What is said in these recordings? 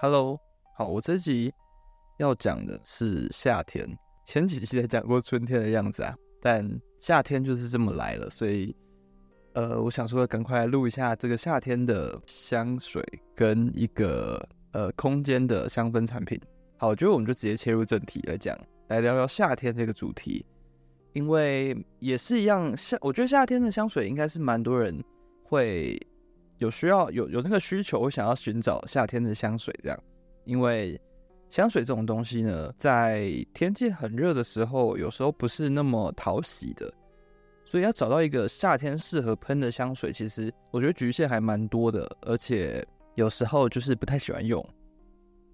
Hello，好，我這集要講的是夏天。前幾期也講過春天的樣子啊，但夏天就是這麼來了，所以呃，我想說趕快錄一下這個夏天的香水跟一個呃空間的香氛產品。好，我覺得我們就直接切入正題來講，來聊聊夏天這個主題，因為也是一樣，夏我覺得夏天的香水應該是蠻多人會有需要有有那個需求，我想要尋找夏天的香水這樣，因為香水這種東西呢，在天氣很熱的時候，有時候不是那麼討喜的，所以要找到一個夏天適合噴的香水，其實我覺得局限還蠻多的，而且有時候就是不太喜歡用，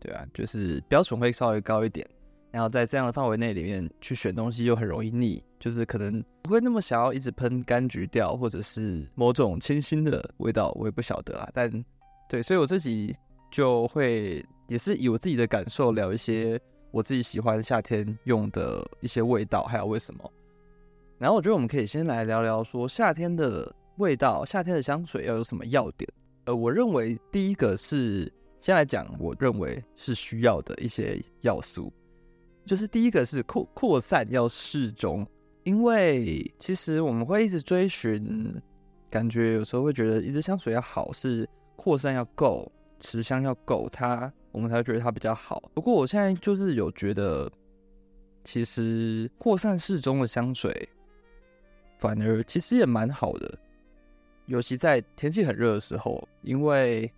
對啊，就是標準會稍微高一點。然後在這樣的範圍內裡面去選東西，又很容易膩，就是可能不會那麼想要一直噴柑橘調，或者是某種清新的味道，我也不曉得啊。但對，所以我自己就會也是以我自己的感受聊一些我自己喜歡夏天用的一些味道，還有為什麼。然後我覺得我們可以先來聊聊說夏天的味道，夏天的香水要有什麼要點？呃，我認為第一個是先來講我認為是需要的一些要素。就是第一個是擴擴散要適中，因為其實我們會一直追尋，感覺有時候會覺得一支香水要好是擴散要夠，持香要夠，它，我們才會覺得它比較好。不過我現在就是有覺得，其實擴散適中的香水，反而其實也蠻好的，尤其在天氣很熱的時候，因為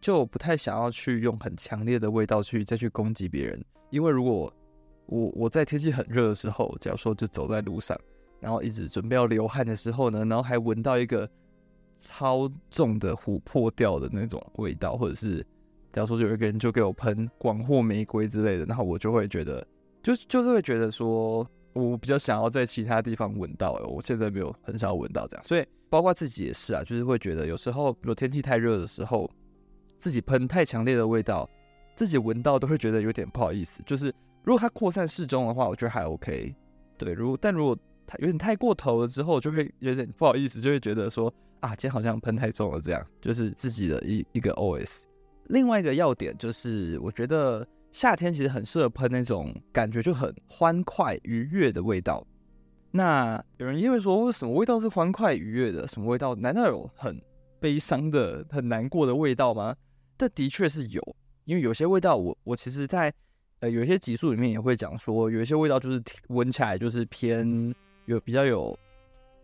就不太想要去用很強烈的味道去再去攻擊別人。因為如果我我在天氣很熱的時候，假如說就走在路上，然後一直準備要流汗的時候呢，然後還聞到一個超重的琥珀調的那種味道，或者是假如說有一個人就給我噴廣藿玫瑰之類的，然後我就會覺得，就就是會覺得說，我比較想要在其他地方聞到，欸，我現在沒有很想要聞到這樣，所以包括自己也是啊，就是會覺得有時候，如果天氣太熱的時候，自己噴太強烈的味道，自己聞到都會覺得有點不好意思，就是如果它擴散適中的話，我覺得還 OK。對，如但如果它有點太過頭了之後，就會有點不好意思，就會覺得說啊，今天好像噴太重了這樣。就是自己的一一個 OS。另外一個要點就是，我覺得夏天其實很適合噴那種感覺就很歡快、愉悅的味道。那有人因為說，為什麼味道是歡快、愉悅的？什麼味道？難道有很悲傷的、很難過的味道嗎？這的確是有。因為有些味道我，我我其實在呃有一些集數裡面也會講說，有一些味道就是聞起來就是偏有比較有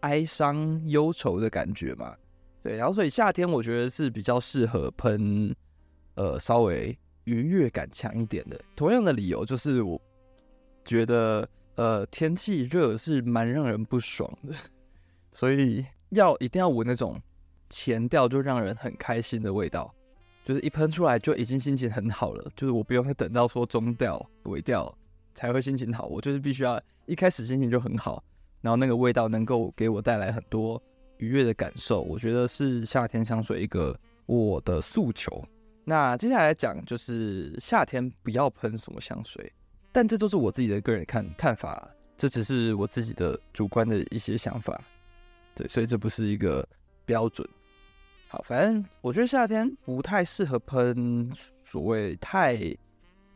哀傷憂愁的感覺嘛。對，然後所以夏天我覺得是比較適合噴呃稍微愉悅感強一點的。同樣的理由就是我覺得呃天氣熱是蠻讓人不爽的，所以要一定要聞那種前調就讓人很開心的味道。就是一噴出來就已經心情很好了，就是我不用再等到說中調、尾調才會心情好，我就是必須要一開始心情就很好，然後那個味道能夠給我帶來很多愉悅的感受，我覺得是夏天香水一個我的訴求。那接下來講就是夏天不要噴什麼香水，但這都是我自己的個人看看法，這只是我自己的主觀的一些想法，對，所以這不是一個標準。好，反正我覺得夏天不太適合噴所謂太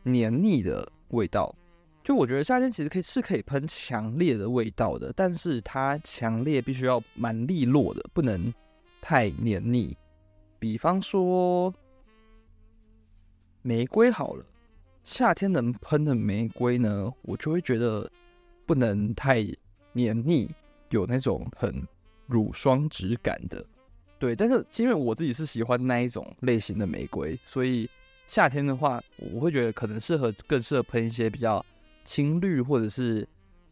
黏膩的味道。就我覺得夏天其實可以是可以噴強烈的味道的，但是它強烈必須要蠻利落的，不能太黏膩。比方說玫瑰好了，夏天能噴的玫瑰呢，我就會覺得不能太黏膩，有那種很乳霜質感的。對，但是因為我自己是喜歡那一種類型的玫瑰，所以夏天的話，我會覺得可能適合更適合噴一些比較青綠或者是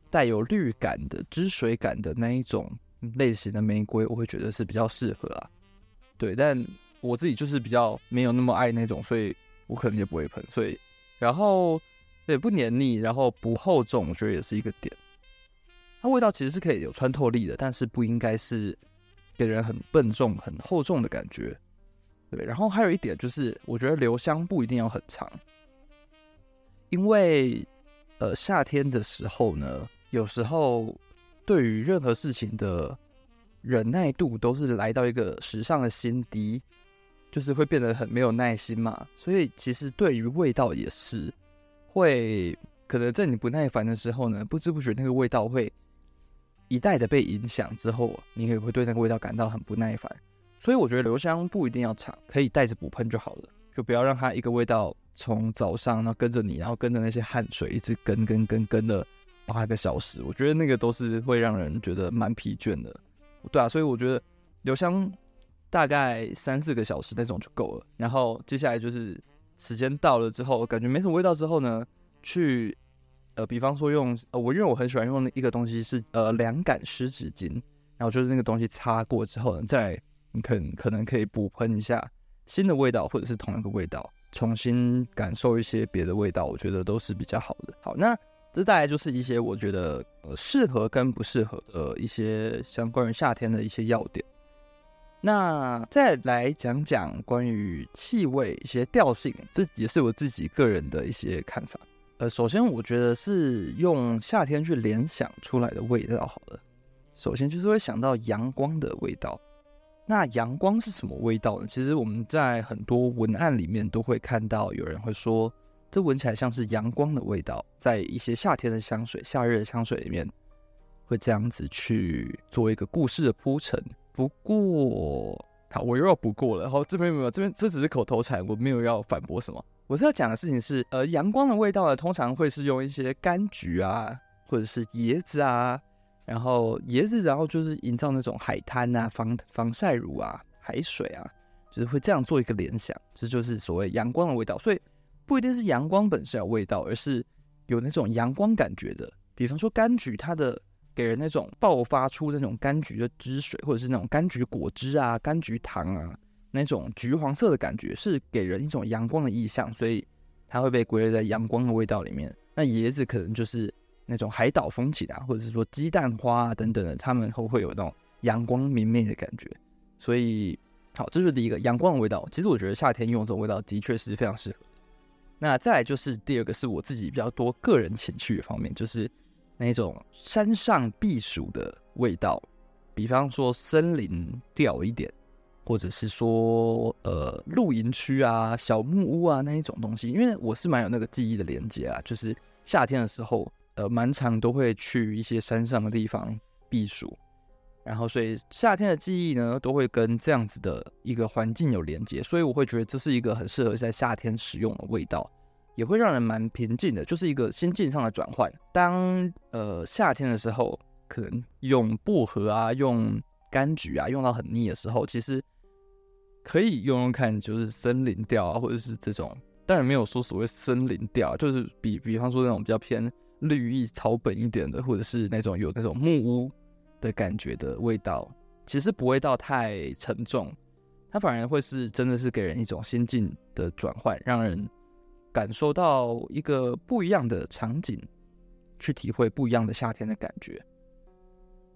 帶有綠感的、汁水感的那一種類型的玫瑰，我會覺得是比較適合啊。對，但我自己就是比較沒有那麼愛那種，所以我可能也不會噴。所以，然後也不黏膩，然後不厚重，我覺得也是一個點。它味道其實是可以有穿透力的，但是不應該是。給人很笨重、很厚重的感覺，對。然後還有一點就是，我覺得留香不一定要很長，因為呃，夏天的時候呢，有時候對於任何事情的忍耐度都是來到一個史上的新低，就是會變得很沒有耐心嘛。所以其實對於味道也是會，會可能在你不耐煩的時候呢，不知不覺那個味道會。一代的被影響之後，你也會對那個味道感到很不耐煩，所以我覺得留香不一定要長，可以帶着補噴就好了，就不要讓它一個味道從早上然後跟着你，然後跟着那些汗水一直跟跟跟跟了八個小時，我覺得那個都是會讓人覺得蠻疲倦的，對啊，所以我覺得留香大概三四個小時那種就夠了，然後接下來就是時間到了之後，感覺沒什麼味道之後呢，去。呃，比方說用呃，我因為我很喜歡用的一個東西是呃涼感濕紙巾，然後就是那個東西擦過之後呢，再你可能可能可以補噴一下新的味道，或者是同一個味道，重新感受一些別的味道，我覺得都是比較好的。好，那這大概就是一些我覺得，呃，適合跟不適合的，呃，一些相關於夏天的一些要點。那再來講講關於氣味一些調性，這也是我自己個人的一些看法。呃，首先我覺得是用夏天去聯想出來的味道好了。首先就是會想到陽光的味道，那陽光是什麼味道呢？其實我們在很多文案裡面都會看到有人會說，這聞起來像是陽光的味道，在一些夏天的香水、夏日的香水裡面，會這樣子去做一個故事的鋪陳。不過，好，我又要不過了。好，這邊沒有，這邊這只是口頭禪，我沒有要反駁什麼。我是要講的事情是，呃，陽光的味道呢，通常會是用一些柑橘啊，或者是椰子啊，然後椰子，然後就是營造那種海灘啊、防防曬乳啊、海水啊，就是會這樣做一個聯想，這就，就是所謂陽光的味道。所以不一定是陽光本身有味道，而是有那種陽光感覺的。比方說柑橘，它的給人那種爆發出那種柑橘的汁水，或者是那種柑橘果汁啊、柑橘糖啊。那種橘黃色的感覺是給人一種陽光的意象，所以它會被歸類在陽光的味道裡面。那椰子可能就是那種海島風情的、啊，或者是說雞蛋花、啊、等等的，他們會不會有那種陽光明媚的感覺。所以，好，這是第一個陽光的味道。其實我覺得夏天用這種味道的確是非常適合。那再來就是第二個，是我自己比較多個人情趣的方面，就是那種山上避暑的味道，比方說森林調一點。或者是說，呃，露營區啊、小木屋啊那一種東西，因為我是蠻有那個記憶的連接啊，就是夏天的時候，呃，蠻常都會去一些山上的地方避暑，然後所以夏天的記憶呢，都會跟這樣子的一個環境有連接，所以我會覺得這是一個很適合在夏天使用的味道，也會讓人蠻平靜的，就是一個心境上的轉換。當呃夏天的時候，可能用薄荷啊、用柑橘啊，用到很膩的時候，其實。可以用用看，就是森林調啊，或者是這種，當然沒有說所謂森林調啊，就是比比方說那種比較偏綠意、草本一點的，或者是那種有那種木屋的感覺的味道，其實不會到太沉重，它反而會是真的是給人一種心境的轉換，讓人感受到一個不一樣的場景，去體會不一樣的夏天的感覺。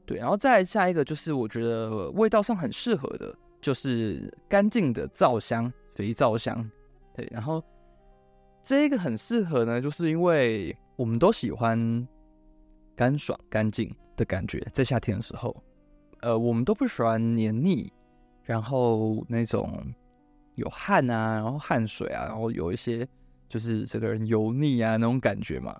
對，然後再下一個就是我覺得味道上很適合的。就是乾淨的皂香，肥皂香，對。然後這個很適合呢，就是因為我們都喜歡乾爽、乾淨的感覺，在夏天的時候，呃，我們都不喜歡黏膩，然後那種有汗啊，然後汗水啊，然後有一些就是整個人油膩啊，那種感覺嘛。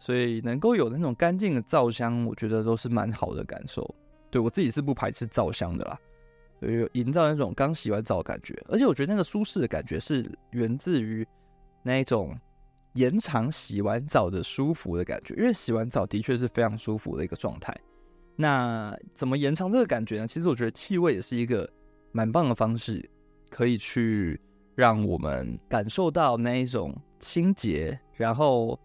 所以能夠有那種乾淨的皂香，我覺得都是蠻好的感受。對，我自己是不排斥皂香的啦。有營造那種剛洗完澡的感覺，而且我覺得那個舒適的感覺是源自於那一種延長洗完澡的舒服的感覺，因為洗完澡的確是非常舒服的一個狀態。那怎麼延長這個感覺呢？其實我覺得氣味也是一個蠻棒的方式，可以去讓我們感受到那一種清潔，然後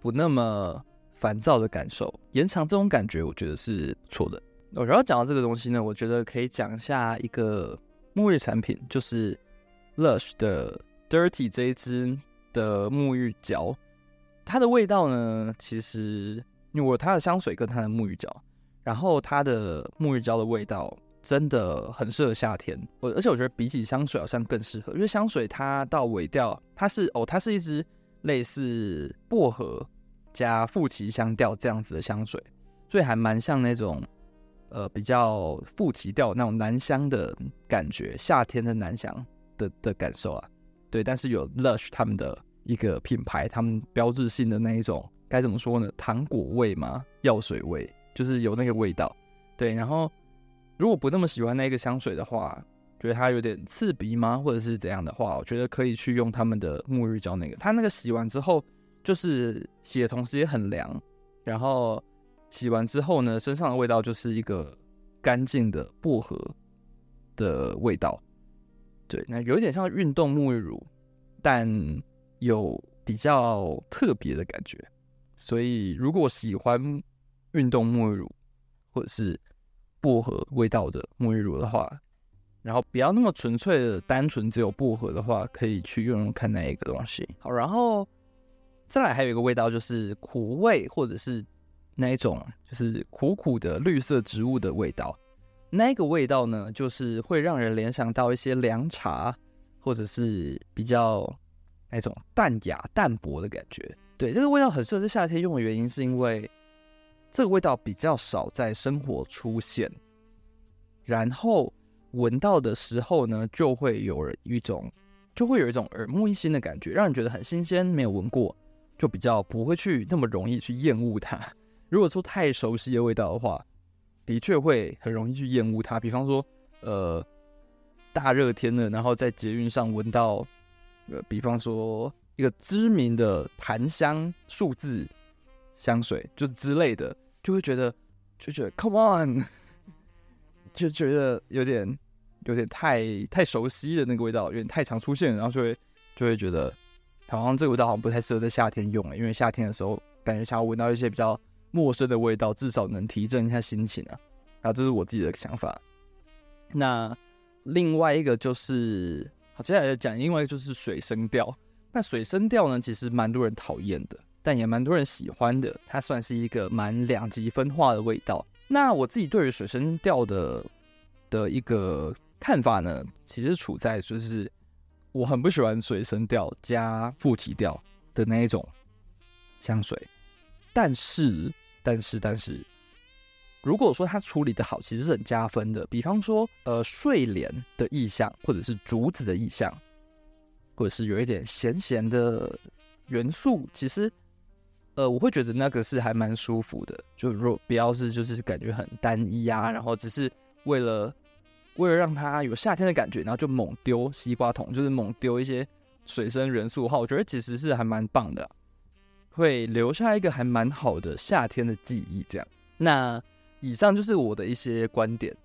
不那麼煩躁的感受，延長這種感覺，我覺得是不錯的。我、哦、然後講到這個東西呢，我覺得可以講一下一個沐浴產品，就是 Lush 的 Dirty 這一支的沐浴膠，它的味道呢，其實因為我它的香水跟它的沐浴膠，然後它的沐浴膠的味道真的很適合夏天，我而且我覺得比起香水好像更適合，因為香水它到尾調它是哦，它是一支類似薄荷加馥奇香調這樣子的香水，所以還蠻像那種。呃，比較馥奇調那種男香的感覺，夏天的男香的的感受啊，對。但是有 Lush 他們的一個品牌，他們標誌性的那一種該怎麼說呢？糖果味嘛，藥水味，就是有那個味道。對。然後，如果不那麼喜歡那個香水的話，覺得它有點刺鼻嗎，或者是怎樣的話，我覺得可以去用他們的沐浴膠，那個它那個洗完之後，就是洗的同時也很涼，然後。洗完之後呢，身上的味道就是一個乾淨的薄荷的味道，對，那有點像運動沐浴乳，但有比較特別的感覺。所以如果喜歡運動沐浴乳或者是薄荷味道的沐浴乳的話，然後不要那麼純粹的單純只有薄荷的話，可以去用用看那一個東西。好，然後再來還有一個味道就是苦味，或者是。那一種就是苦苦的綠色植物的味道，那個味道呢，就是會讓人聯想到一些涼茶，或者是比較那種淡雅淡薄的感覺。對，這個味道很適合夏天用的原因，是因為這個味道比較少在生活出現，然後聞到的時候呢，就會有一種就會有一種耳目一新的感覺，讓人覺得很新鮮，沒有聞過，就比較不會去那麼容易去厭惡它。如果說太熟悉的味道的話，的確會很容易去厭惡它。比方說，呃，大熱天的，然後在捷運上聞到，呃，比方說一個知名的檀香數字香水，就是之類的，就會覺得就覺得 Come on， 就覺得有點有點太太熟悉的那個味道，有點太常出現，然後就會就會覺得好像這個味道好像不太適合在夏天用，因為夏天的時候感覺想要聞到一些比較。陌生的味道，至少能提振一下心情啊！啊，這是我自己的想法。那另外一個就是，好，接下來再講另外一個就是水生調。那水生調呢，其實蠻多人討厭的，但也蠻多人喜歡的。它算是一個蠻兩極分化的味道。那我自己對於水生調的的一個看法呢，其實處在就是我很不喜歡水生調加馥奇調的那一種香水，但是。但是，但是，如果說他處理的好，其實是很加分的。比方說，呃，睡蓮的意象，或者是竹子的意象，或者是有一點鹹鹹的元素，其實，呃，我會覺得那個是還蠻舒服的。就若不要是就是感覺很單一啊，然後只是為了為了讓它有夏天的感覺，然後就猛丟西瓜桶，就是猛丟一些水生元素，哈，我覺得其實是還蠻棒的啊。會留下一個還蠻好的夏天的記憶這樣。那以上就是我的一些觀點。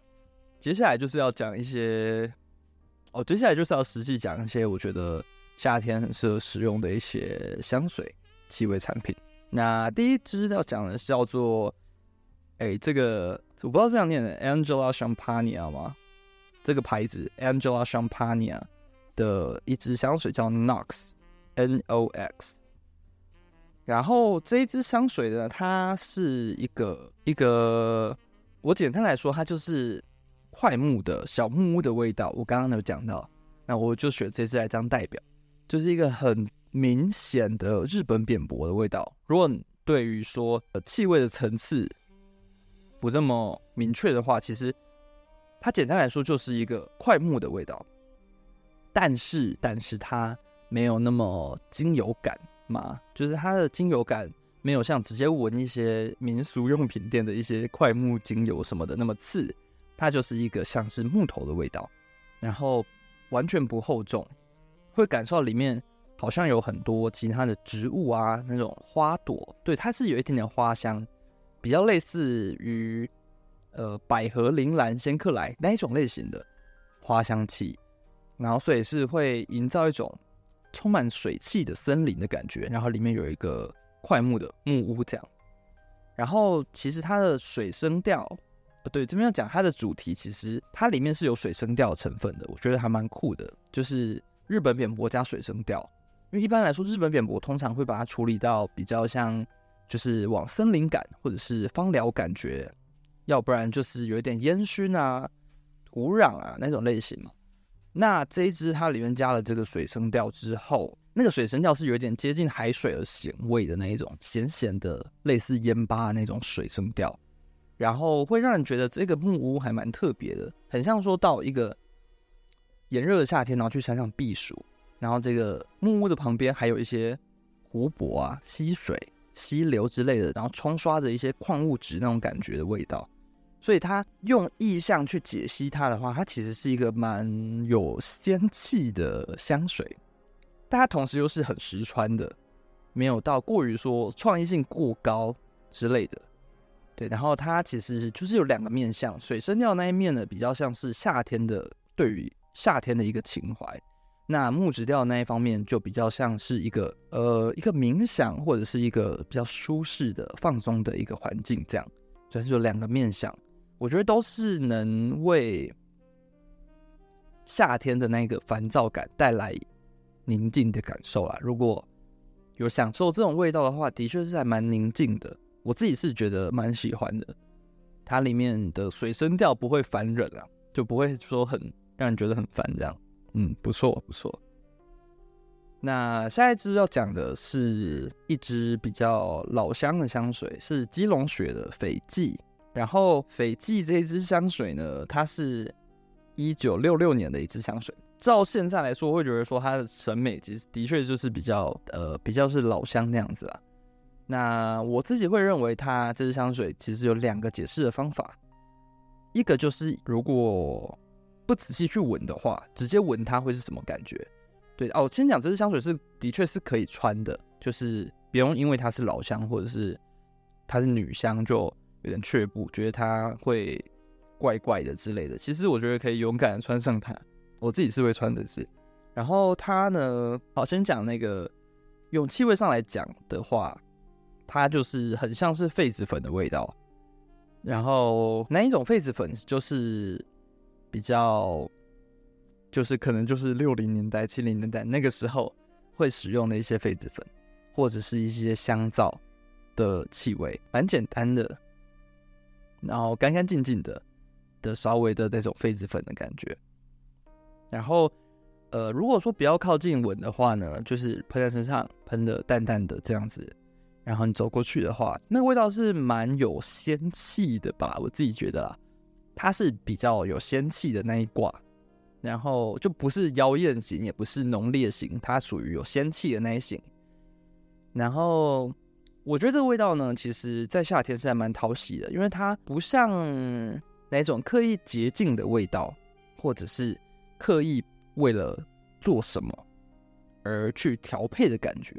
接下來就是要講一些，哦，接下來就是要實際講一些我覺得夏天很適合使用的一些香水、氣味產品。那第一支要講的是叫做，哎、欸，這個我不知道這樣念的，Angela Ciampagna 嗎？這個牌子 Angela Ciampagna 的一支香水叫 Nox，Nox，N O X。然後這一支香水呢，它是一個一個，我簡單來說，它就是檜木的小木屋的味道。我剛剛有講到，那我就選這支來當代表，就是一個很明顯的日本扁柏的味道。如果你對於說、呃、氣味的層次不那麼明確的話，其實它簡單來說就是一個檜木的味道，但是，但是它沒有那麼精油感。嘛，就是它的精油感沒有像直接聞一些民俗用品店的一些檜木精油什麼的那麼刺，它就是一個像是木頭的味道，然後完全不厚重，會感受到裡面好像有很多其他的植物啊，那種花朵，對，它是有一點點花香，比較類似於呃百合先、鈴蘭、仙客來那一種類型的花香氣，然後所以是會營造一種。充滿水汽的森林的感覺，然後裡面有一個檜木的木屋這樣，然後其實它的水生調，呃，對，這邊要講它的主題，其實它裡面是有水生調成分的，我覺得還蠻酷的，就是日本扁柏加水生調，因為一般來說日本扁柏通常會把它處理到比較像，就是往森林感或者是芳療感覺，要不然就是有一點煙熏啊、土壤啊那種類型嘛。那這一支它裡面加了這個水生調之後，那個水生調是有點接近海水而鹹味的那一種，鹹鹹的，類似鹽巴的那種水生調，然後會讓人覺得這個木屋還蠻特別的，很像說到一個炎熱的夏天，然後去山上避暑，然後這個木屋的旁邊還有一些湖泊啊、溪水、溪流之類的，然後沖刷着一些礦物質那種感覺的味道。所以它用意象去解析它的話，它其實是一個蠻有仙氣的香水，但它同時又是很實穿的，沒有到過於說創意性過高之類的。對，然後它其實是就是有兩個面相，水生調那一面呢比較像是夏天的，對於夏天的一個情懷；那木質調那一方面就比較像是一個呃一個冥想，或者是一個比較舒適的放鬆的一個環境這樣，所以就有兩個面相。我覺得都是能為夏天的那個煩躁感帶來寧靜的感受啦。如果有享受這種味道的話，的確是還蠻寧靜的。我自己是覺得蠻喜歡的，它裡面的水生調不會煩人啊，就不會說很讓人覺得很煩這樣。嗯，不錯不錯。那下一支要講的是一支比較老香的香水，是姬龍雪的斐濟。然後斐濟這一支香水呢，它是一九六六年的一支香水。照現在來說，我會覺得說它的審美其實的確就是比較呃，比較是老香那樣子啦。那我自己會認為它這支香水其實有兩個解釋的方法，一個就是如果不仔細去聞的話，直接聞它會是什麼感覺？對哦，我先講這支香水是的確是可以穿的，就是不用因為它是老香或者是它是女香就。有點卻步，覺得它會怪怪的之類的。其實我覺得可以勇敢的穿上它，我自己是會穿的。是，然後它呢？好，先講那個用氣味上來講的話，它就是很像是痱子粉的味道。然後那一種痱子粉就是比較，就是可能就是六零年代、七零年代那個時候會使用的一些痱子粉，或者是一些香皂的氣味，蠻簡單的。然後乾乾淨淨的的，稍微的那種痱子粉的感覺。然後，呃，如果說比較靠近聞的話呢，就是噴在身上，噴得淡淡的這樣子。然後你走過去的話，那味道是蠻有仙氣的吧？我自己覺得，啊，它是比較有仙氣的那一掛。然後就不是妖豔型，也不是濃烈型，它屬於有仙氣的那一型。然後。我覺得這個味道呢，其實在夏天是還蠻討喜的，因為它不像哪一種刻意潔淨的味道，或者是刻意為了做什麼而去調配的感覺，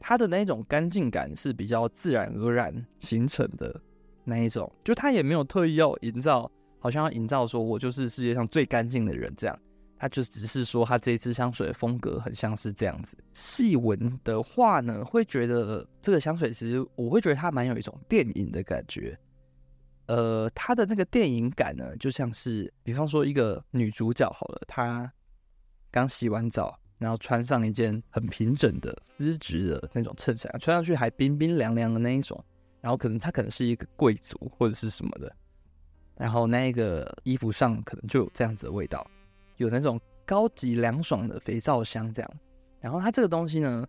它的那種乾淨感是比較自然而然形成的那一種，就它也沒有特意要營造，好像要營造說我就是世界上最乾淨的人這樣。他就只是說，他這一支香水的風格很像是這樣子。細聞的話呢，會覺得這個香水其實我會覺得它蠻有一種電影的感覺。呃，它的那個電影感呢，就像是比方說一個女主角好了，她剛洗完澡，然後穿上一件很平整的絲質的那種襯衫，穿上去還冰冰涼涼的那一種。然後可能她可能是一個貴族或者是什麼的，然後那個衣服上可能就有這樣子的味道。有那種高級涼爽的肥皂香，這樣。然後它這個東西呢，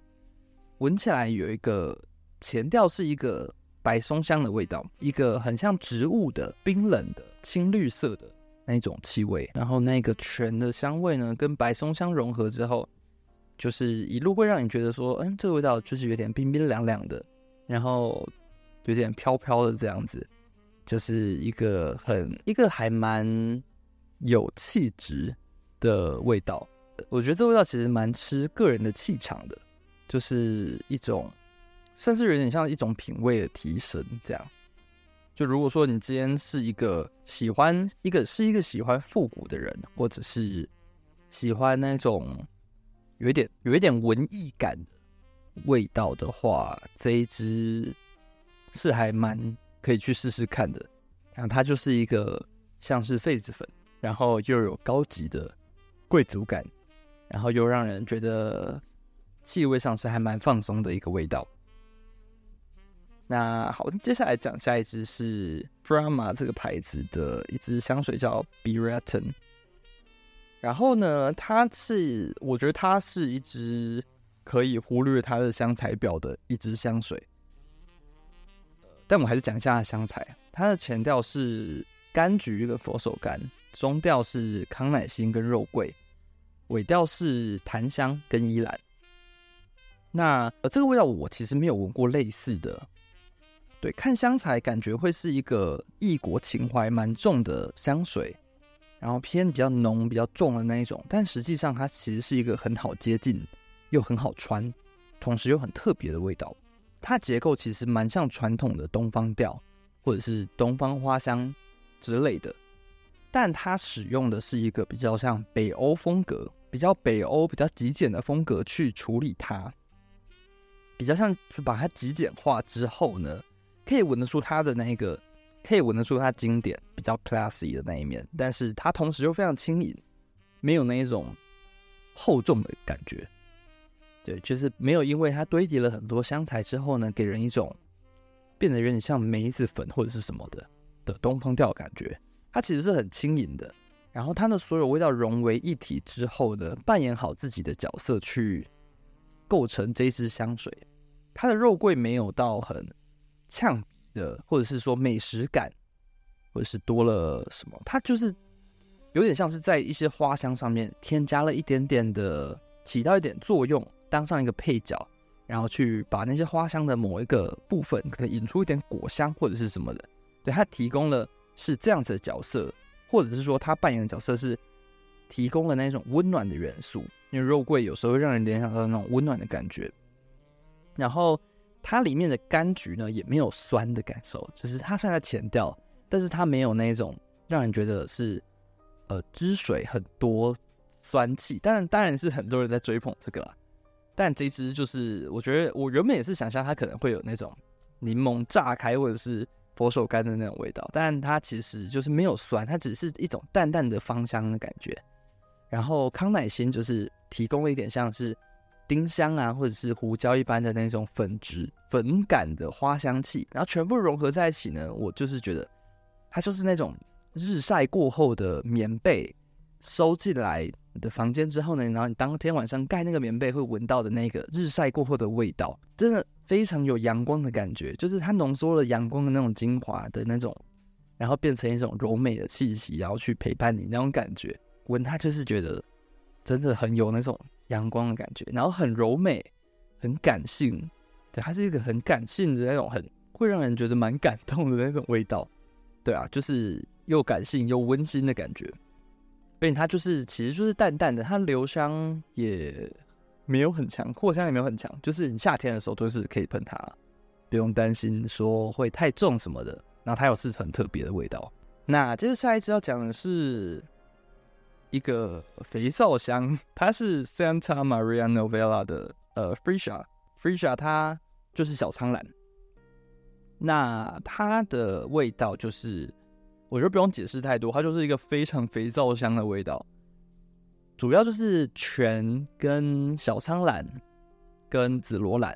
聞起來有一個前調，是一個白松香的味道，一個很像植物的冰冷的青綠色的那種氣味。然後那個泉的香味呢，跟白松香融合之後，就是一路會讓你覺得說，嗯，這個味道就是有點冰冰涼涼的，然後有點飄飄的這樣子，就是一個很一個還蠻有氣質。的味道，我覺得這味道其實蠻吃個人的氣場的，就是一種，算是有點像一種品味的提升這樣。就如果說你今天是一個喜歡一個是一個喜歡復古的人，或者是喜歡那種有點有一點文藝感的味道的話，這一支是還蠻可以去試試看的。然後它就是一個像是痱子粉，然後又有高級的。貴族感，然後又讓人覺得氣味上是還蠻放鬆的一個味道。那好，接下來講下一支是 FRAMA 這個牌子的一支香水叫 Beratan。然後呢，它是我覺得它是一支可以忽略它的香材表的一支香水，但我們還是講一下香材。它的前調是柑橘的佛手柑，中調是康乃馨跟肉桂。尾調是檀香跟依蘭，那呃這個味道我其實沒有聞過類似的。對，看香材感覺會是一個異國情懷蠻重的香水，然後偏比較濃比較重的那一種。但實際上它其實是一個很好接近又很好穿，同時又很特別的味道。它結構其實蠻像傳統的東方調或者是東方花香之類的，但它使用的是一個比較像北歐風格。比較北歐、比較極簡的風格去處理它，比較像就把它極簡化之後呢，可以聞得出它的那一個，可以聞得出它經典、比較 classy 的那一面，但是它同時又非常輕盈，沒有那一種厚重的感覺。對，就是沒有因為它堆積了很多香材之後呢，給人一種變得有點像梅子粉或者是什麼的的東方調感覺。它其實是很輕盈的。然後它的所有味道融為一體之後呢，扮演好自己的角色去構成這一支香水。它的肉桂沒有到很嗆鼻的，或者是說美食感，或者是多了什麼，它就是有點像是在一些花香上面添加了一點點的，起到一點作用，當上一個配角，然後去把那些花香的某一個部分，可能引出一點果香或者是什麼的。對，它提供了是這樣子的角色。或者是說，它扮演的角色是提供了那種溫暖的元素，因為肉桂有時候會讓人聯想到那種溫暖的感覺。然後它裡面的柑橘呢，也沒有酸的感受，就是它算在前調，但是它沒有那種讓人覺得是呃汁水很多酸氣。當然，當然是很多人在追捧這個了。但這支就是，我覺得我原本也是想象它可能會有那種檸檬炸開，或者是。佛手柑的那種味道，但它其實就是沒有酸，它只是一種淡淡的芳香的感覺。然後康乃馨就是提供了一點像是丁香啊，或者是胡椒一般的那種粉質、粉感的花香氣。然後全部融合在一起呢，我就是覺得它就是那種日曬過後的棉被。收進來你的房間之後呢，然後你當天晚上蓋那個棉被會聞到的那個日曬過後的味道，真的非常有陽光的感覺，就是它濃縮了陽光的那種精華的那種，然後變成一種柔美的氣息，然後去陪伴你那種感覺，聞它就是覺得真的很有那種陽光的感覺，然後很柔美，很感性，對，它是一個很感性的那種，很會讓人覺得蠻感動的那種味道，對啊，就是又感性又溫馨的感覺。所以它就是，其實就是淡淡的，它留香也沒有很強，擴香也沒有很強，就是夏天的時候就是可以噴它，不用擔心說會太重什麼的。然後它有四層特別的味道。那接着下一支要講的是一個肥皂香，它是 Santa Maria Novella 的呃 Fresia Fresia，Fr 它就是小蒼蘭。那它的味道就是。我就不用解釋太多，它就是一個非常肥皂香的味道，主要就是醛跟小蒼蘭跟紫羅蘭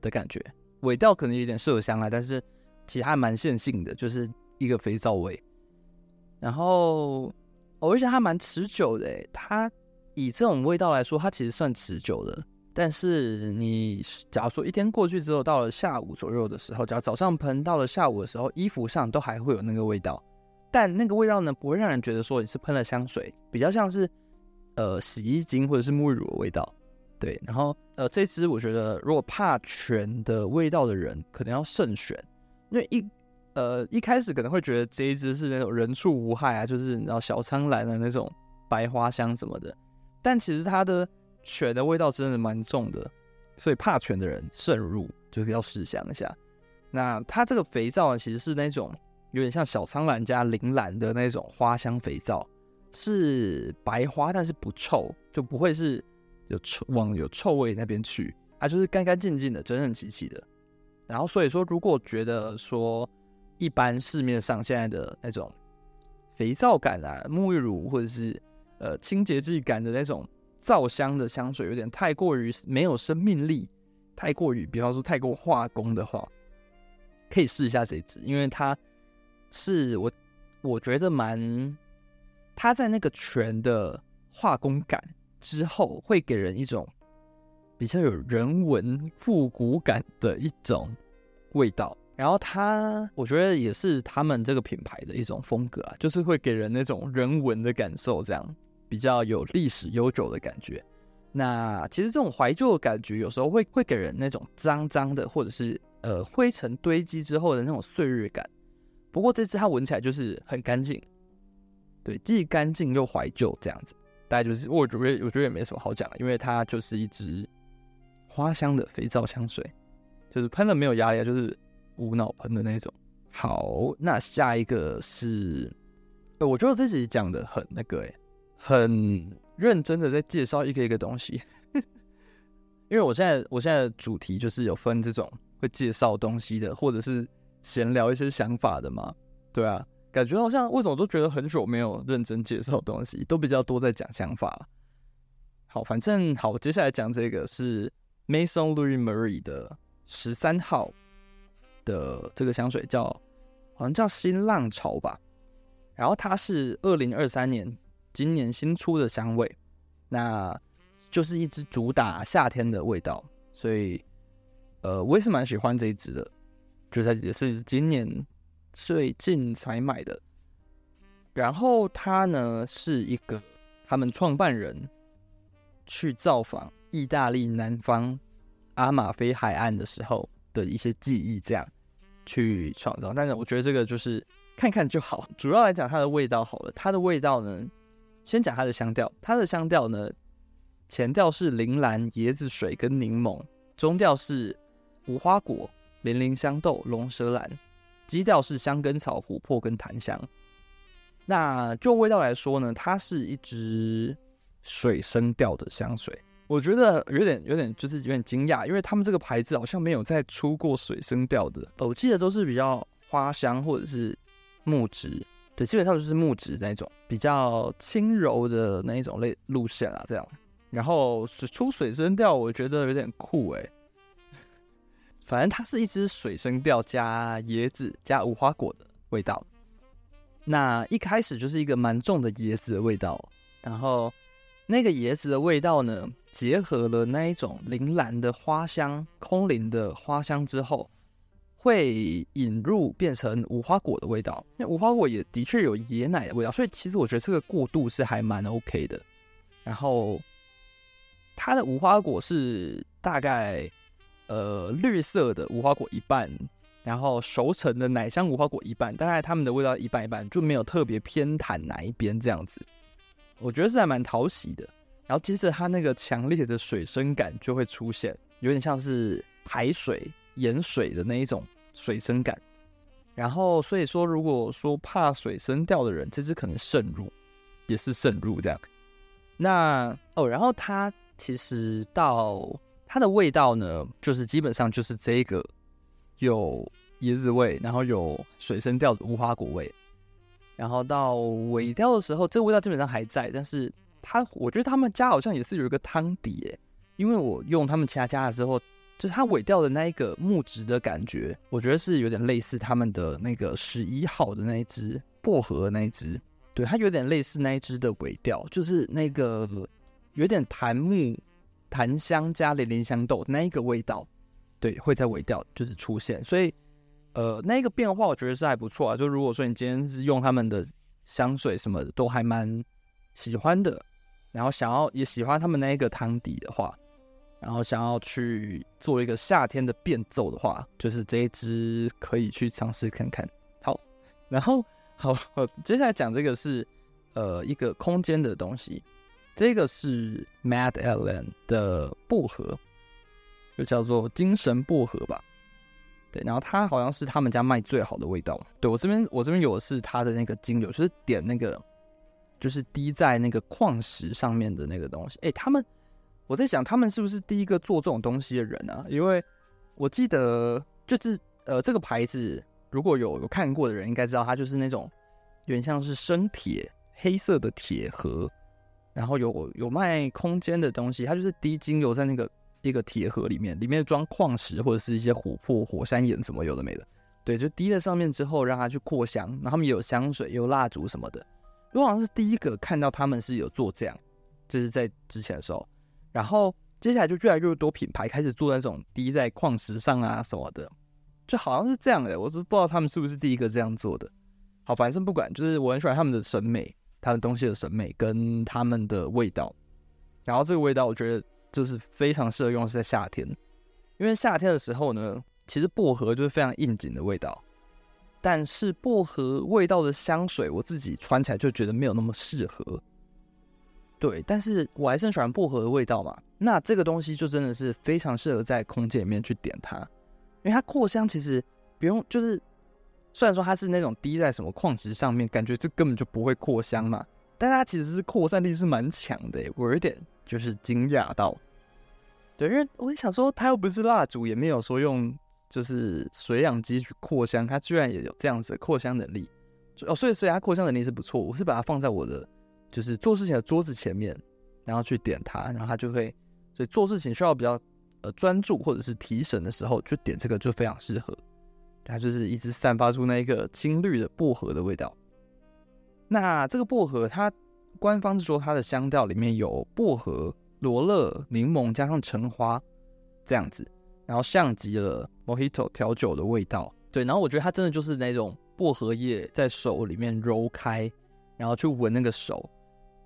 的感覺，尾調可能有點麝香啊，但是其實還蠻線性的，就是一個肥皂味。然後，哦、而且它蠻持久的耶，它以這種味道來說，它其實算持久的。但是你，假如說一天過去之後，到了下午左右的時候，假如早上噴到了下午的時候，衣服上都還會有那個味道，但那個味道呢，不會讓人覺得說你是噴了香水，比較像是，呃，洗衣精或者是沐浴乳的味道，對。然後，呃，這支我覺得，如果怕醛的味道的人，可能要慎選，因為一，呃，一開始可能會覺得這一支是那種人畜無害啊，就是你知道小蒼蘭的那種白花香什麼的，但其實它的。犬的味道真的蠻重的，所以怕犬的人慎入，就是要試香一下。那它這個肥皂其實是那種有點像小蒼蘭加鈴蘭的那種花香肥皂，是白花，但是不臭，就不會是有臭往有臭味那邊去，它、啊、就是乾乾淨淨的、整整齊齊的。然後所以說，如果覺得說一般市面上現在的那種肥皂感啊、沐浴乳或者是呃清潔劑感的那種，皂香的香水有點太過於沒有生命力，太過於，比方說太過化工的話，可以試一下這一支，因為它是我我覺得蠻，它在那個全的化工感之後，會給人一種比較有人文復古感的一種味道。然後它我覺得也是他們這個品牌的一種風格啊，就是會給人那種人文的感受，這樣。比較有歷史悠久的感覺，那其實這種懷舊的感覺有時候會會給人那種髒髒的，或者是呃灰塵堆積之後的那種歲月感。不過這支它聞起來就是很乾淨，對，既乾淨又懷舊這樣子，大概就是我覺得我覺得也沒什麼好講，因為它就是一支花香的肥皂香水，就是噴了沒有壓力，就是無腦噴的那種。好，那下一個是，我覺得我這集講的很那個哎、欸。很認真的在介紹一個一個東西， 因為我現在我現在的主題就是有分這種會介紹東西的，或者是閒聊一些想法的嘛，對啊，感覺好像為什麼我都覺得很久沒有認真介紹東西，都比較多在講想法。好，反正好，我接下來講這個是 Maison Louis Marie 的十三號的這個香水叫好像叫新浪潮吧，然後它是二零二三年。今年新出的香味，那就是一支主打夏天的味道，所以呃，我也是蠻喜歡這一支的。覺得它也是今年最近才買的，然後它呢是一個他們創辦人去造訪意大利南方阿馬菲海岸的時候的一些記憶，這樣去創造。但是我覺得這個就是看看就好，主要來講它的味道好了，它的味道呢。先講它的香調，它的香調呢，前調是鈴蘭、椰子水跟檸檬，中調是無花果、零陵香豆、龍舌蘭，基調是香根草、琥珀跟檀香。那就味道來說呢，它是一支水生調的香水，我覺得有點、有點就是有點驚訝，因為他們這個牌子好像沒有再出過水生調的，我記得都是比較花香或者是木質。基本上就是木質那種比較輕柔的那一種類路線了，啊，這樣。然後出水生調我覺得有點酷誒、欸。反正它是一支水生調加椰子加無花果的味道。那一開始就是一個蠻重的椰子的味道，然後那個椰子的味道呢，結合了那一種鈴蘭的花香，空靈的花香之後。會引入變成無花果的味道，那無花果也的確有椰奶的味道，所以其實我覺得這個過渡是還蠻 OK 的。然後它的無花果是大概呃綠色的無花果一半，然後熟成的奶香無花果一半，大概它們的味道一半一半，就沒有特別偏袒哪一邊這樣子，我覺得是還蠻討喜的。然後接着它那個強烈的水生感就會出現，有點像是海水。鹽水的那一種水生感，然後所以說，如果說怕水生調的人，這支可能慎入，也是慎入這樣。那哦，然後它其實到它的味道呢，就是基本上就是這個有椰子味，然後有水生調的無花果味，然後到尾調的時候，這個味道基本上還在，但是它我覺得他們家好像也是有一個湯底欸，因為我用他們其他家的時候。就是它尾調的那一個木質的感覺，我覺得是有點類似他們的那個十一號的那一隻薄荷的那一隻，對，它有點類似那一隻的尾調，就是那個有點檀木、檀香加零陵香豆的那一個味道，對，會在尾調就是出現。所以，呃，那一個變化我覺得是還不錯啊。就如果說你今天是用他們的香水什麼的都還蠻喜歡的，然後想要也喜歡他們那一個湯底的話。然後想要去做一個夏天的變奏的話，就是這一支可以去嘗試看看。好，然後好，接下來講這個是呃一個空間的東西，這個是 Mad et Len 的薄荷，又叫做精神薄荷吧？對，然後它好像是他們家賣最好的味道。對，我這邊我這邊有的是它的那個精油，就是點那個，就是滴在那個礦石上面的那個東西。哎，他們。我在想，他們是不是第一個做這種東西的人呢，啊？因為我記得，就是呃，這個牌子，如果有有看過的人，應該知道它就是那種原像是生鐵黑色的鐵盒，然後有有賣空間的東西，它就是滴精油在那個一個鐵盒裡面，裡面裝礦石或者是一些琥珀、火山岩什麼有的沒的，對，就滴在上面之後讓它去擴香。然後他們也有香水、也有蠟燭什麼的。我好像是第一個看到他們是有做這樣，就是在之前的時候。然後接下來就越來越多品牌開始做那種滴在礦石上啊什麼的，就好像是這樣的。我是不知道他們是不是第一個這樣做的。好，反正不管，就是我很喜歡他們的審美，他們東西的審美跟他們的味道。然後這個味道，我覺得就是非常適合用的是在夏天，因為夏天的時候呢，其實薄荷就是非常應景的味道。但是薄荷味道的香水，我自己穿起來就覺得沒有那麼適合。對，但是我還是喜歡薄荷的味道嘛。那這個東西就真的是非常適合在空間裡面去點它，因為它擴香其實不用，就是雖然說它是那種滴在什麼礦石上面，感覺就根本就不會擴香嘛。但它其實是擴散力是蠻強的，我有點就是驚訝到。對，因為我也想說它又不是蠟燭，也沒有說用就是水氧機去擴香，它居然也有這樣子的擴香能力。哦，所以所以它擴香能力是不錯。我是把它放在我的。就是做事情的桌子前面，然後去點它，然後它就會，所以做事情需要比較呃專注或者是提神的時候去點這個就非常適合。它就是一直散發出那一個青綠的薄荷的味道。那這個薄荷它官方是說它的香調裡面有薄荷、羅勒、檸檬加上橙花這樣子，然後像極了 Mojito 調酒的味道。對，然後我覺得它真的就是那種薄荷葉在手裡面揉開，然後去聞那個手，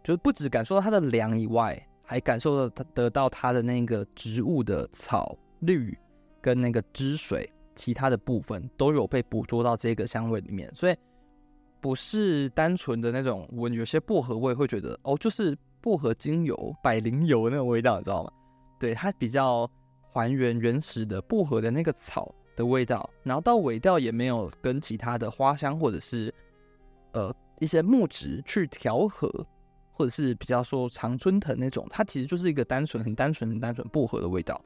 就是不止感受到它的涼以外，還感受了它得到它的那個植物的草綠，跟那個汁水，其他的部分都有被捕捉到這個香味裡面，所以不是單純的那種聞有些薄荷味會覺得哦，就是薄荷精油、百靈油的那個味道，你知道嗎？對，它比較還原原始的薄荷的那個草的味道，然後到尾調也沒有跟其他的花香或者是呃一些木質去調和。或者是比較說常春藤那種，它其實就是一個單純、很單純、很單純薄荷的味道，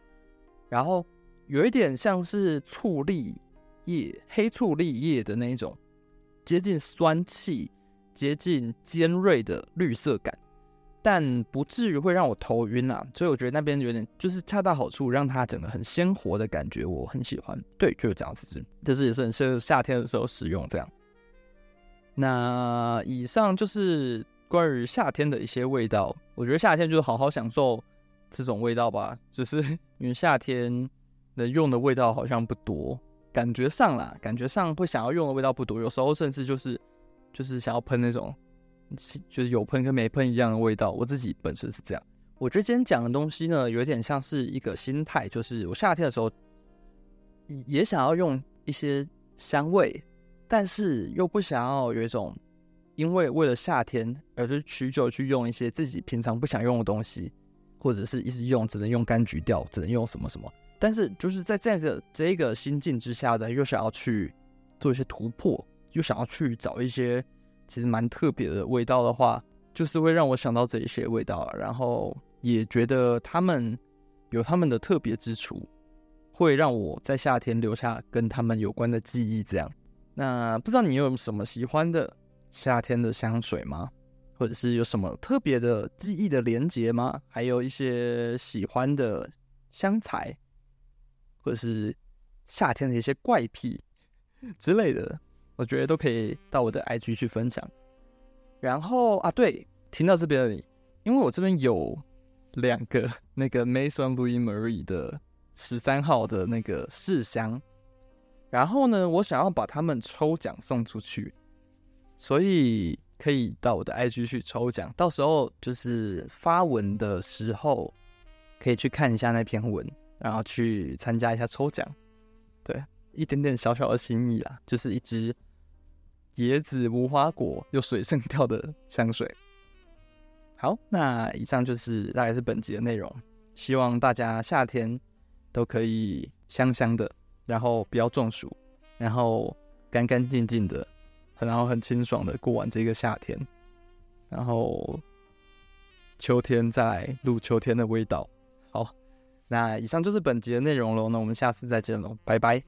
然後有一點像是醋栗葉、黑醋栗葉的那種接近酸氣、接近尖銳的綠色感，但不至於會讓我頭暈啊，所以我覺得那邊有點就是恰到好處，讓它整個很鮮活的感覺，我很喜歡。對，就是這樣子，就是也是很適合夏天的時候使用這樣。那以上就是。關於夏天的一些味道，我覺得夏天就好好享受這種味道吧。就是因為夏天能用的味道好像不多，感覺上啦，感覺上會想要用的味道不多。有時候甚至就是就是想要噴那種，就是有噴跟沒噴一樣的味道。我自己本身是這樣。我覺得今天講的東西呢，有點像是一個心態，就是我夏天的時候也想要用一些香味，但是又不想要有一種。因為為了夏天，而是取久去用一些自己平常不想用的東西，或者是一直用，只能用柑橘調，只能用什麼什麼。但是就是在這個這個心境之下的，又想要去做一些突破，又想要去找一些其實蠻特別的味道的話，就是會讓我想到這一些味道，然後也覺得他們有他們的特別之處，會讓我在夏天留下跟他們有關的記憶。這樣，那不知道你有什麼喜歡的？夏天的香水嗎？或者是有什麼特別的記憶的連接嗎？還有一些喜歡的香材，或者是夏天的一些怪癖之類的，我覺得都可以到我的 IG 去分享。然後啊，對，聽到這邊的你，因為我這邊有兩個那個 Maison Louis Marie 的十三號的那個試香，然後呢，我想要把他們抽獎送出去。所以可以到我的 IG 去抽獎，到時候就是發文的時候，可以去看一下那篇文，然後去參加一下抽獎。對，一點點小小的心意啦，就是一支椰子無花果又水生調的香水。好，那以上就是大概是本集的內容，希望大家夏天都可以香香的，然後不要中暑，然後乾乾淨淨的。然後很清爽的過完這個夏天，然後秋天再錄秋天的味道。好，那以上就是本集的內容嘍。那我們下次再見嘍，拜拜。